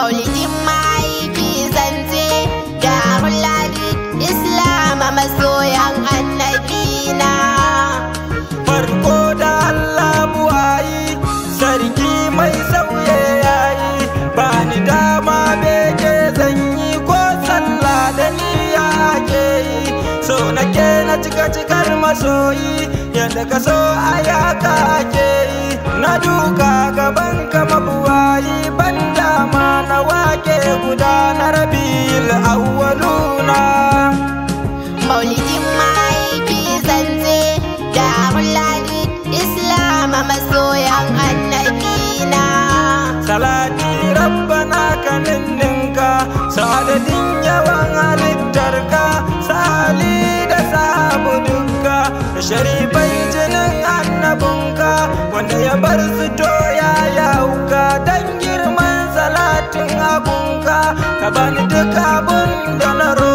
maulidin mahaifi zance da huladi islam masoyan annabina farko da allah buwayi sarki mai sauye yayi ba ni dama beke zan yi ko sallah da niyya ke yi so nake na cika cikar masoyi yadda ka so a yaka ke yi na duka gaban ka mabuwa rabi'il awwaluna maulidin mahaifi zanje da hulani islam masoyan annabina salati rabbana ka ninninka sadadin yawan halittarka sali da sahabu dukka da sharifai jinin annabinka wanda ya bar su to ya yauka don girman salatin abu ka bani duk abin da na roƙa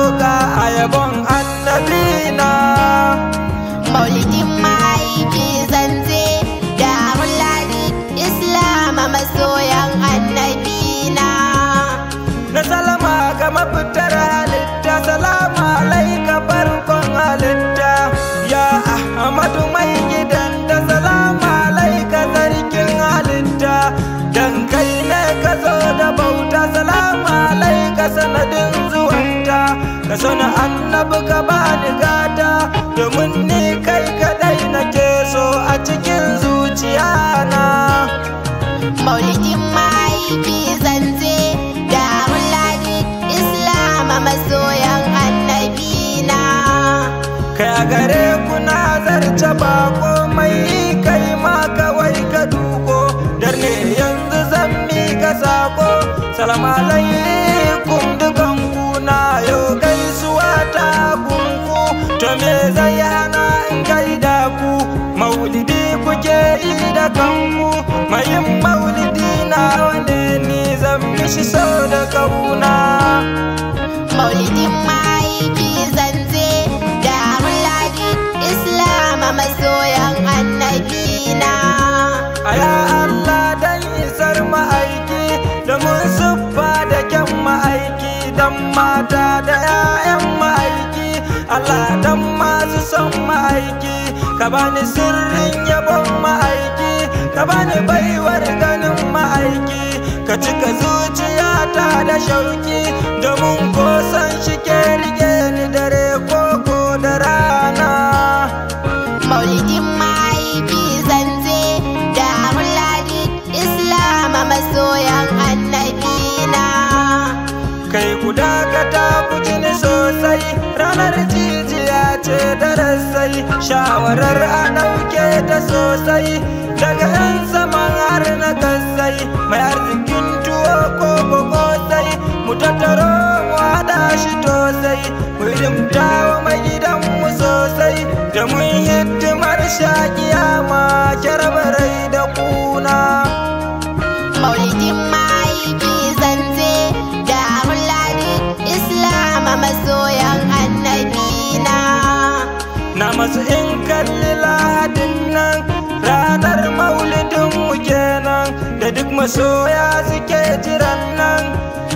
ka sani annabi ka ba ni gata domin ni kai kadai na ke so a cikin zuciya na maulidin mahaifi zance da hulani islam masoyan annabi na kai a gare ku na zarce ba komai kai ma kawai ka duko dar ne yanzu zan mi ka sako salamalai yi shi sau da kauna maulidin mahaifi zanze da lahi islam masoyan annabi na ala allah dan isar ma'aiki da mun siffa da kyan ma'aiki dan mata da 'ya'yan ma'aiki allah dan masu son ma'aiki ka bani sirrin yabon ma'aiki ka bani baiwar ganin ma'aiki ka cika zuciyata da shauki domin kosan shi ke rike ni dare koko da rana mai mahaifi zance da muladi islam masoyan annabina. kai ku dakata ku sosai ranar jijiya ce dare sassai shawarar a nauke ta sosai daga yan saman har na kasai mai arzikin tuwo ko sai mu tattaro mu hada shi tosai mu rimta wa mai mu sosai da mun yi tumar shaƙi masoya suke jiran nan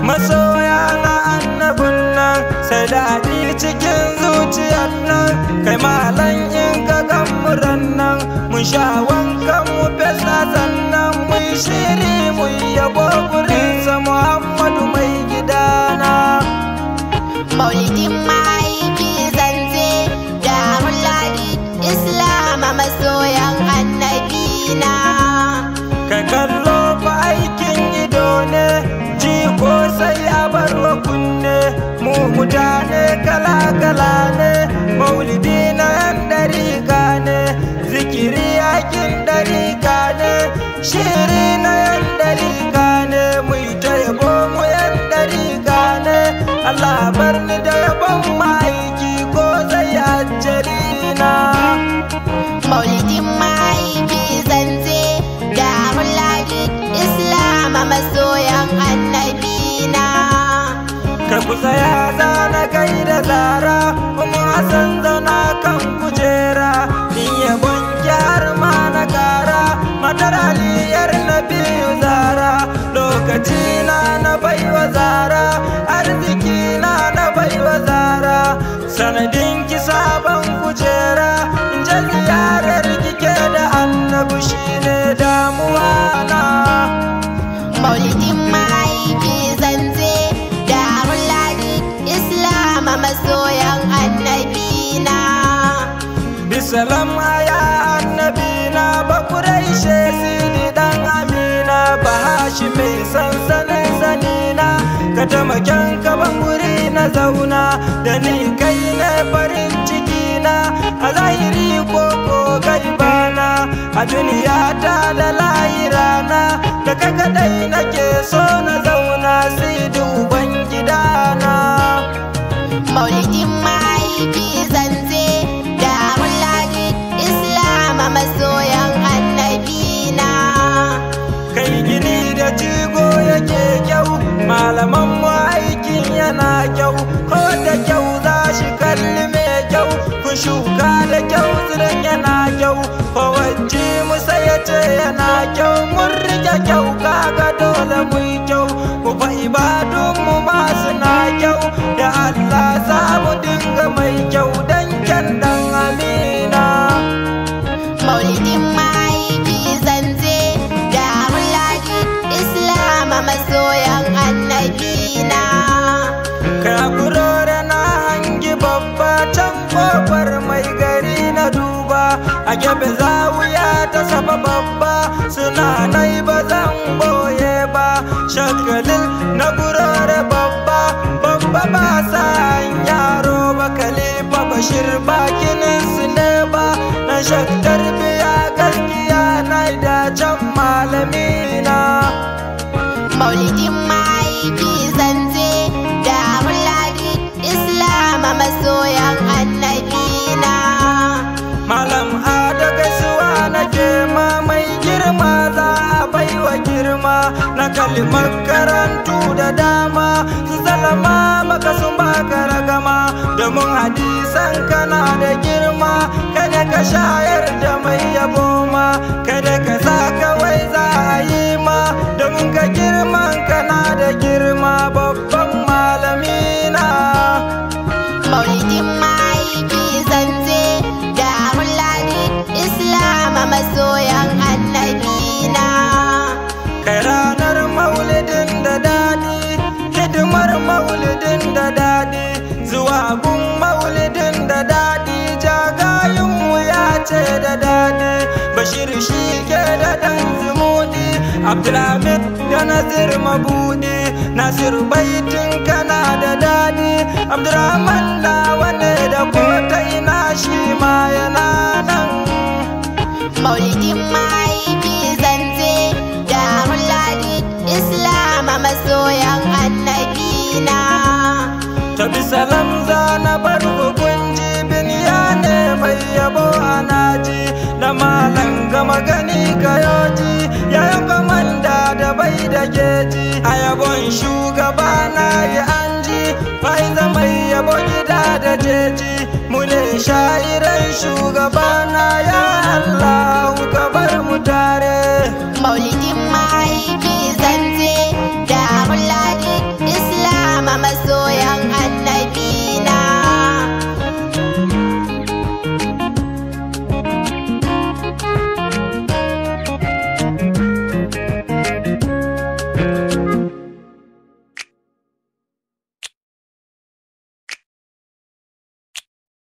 masoya na annabin nan sai daɗi cikin zuciyar nan kai malan in ga gamuran nan mun sha wankan mu mu ne kala-kala ne maulidi na ɗarika ne zikiri yakin ɗarika ne shiri na ɗarika Saya za na kai da zara kuma san zauna kan kujera ni yabon gyar ma na kara matar aliyar na biyu zara lokaci na na baiwa zara arziki na na baiwa zara sanadi salam ya annabi na bakurai sidi dan amina ba hashi mai sansanin zanina ka tamaken kaban na zauna da ni kai na farin ciki na a zahiri ko ko gaibana a duniya ta da layi rana da kakadai nake so na zauna sidi ubangidana kyau ko da kyau za shi kalli mai kyau ku shuka da kyau tsirin yana kyau ko musa ya ce yana kyau mun rike kyau kaga a gefe zawuya ta saba babba suna nai ba zan boye ba shakalin na gurare babba babba ba sa yaro ba kalifa bashir bakin su ne ba na shaktar makarantu da dama su zalama maka sun baka ragama domin hadisan kana da girma kada ka shaya bashir shi ke da dan zumudi abdulhamid da nasir mabuɗi nasir baitin kana da dadi, abdulrahman da ne da kota ina shi ma yana nan maulidin mahaifi zance da huladi islam masoyan annabi na tabi da magani kayoji yayin kwamanda da bai da geji a yabon shugaba na yi an ji mai yabo gida da jeji munin sha'iran shugaba na ya Allah ka bar mu tare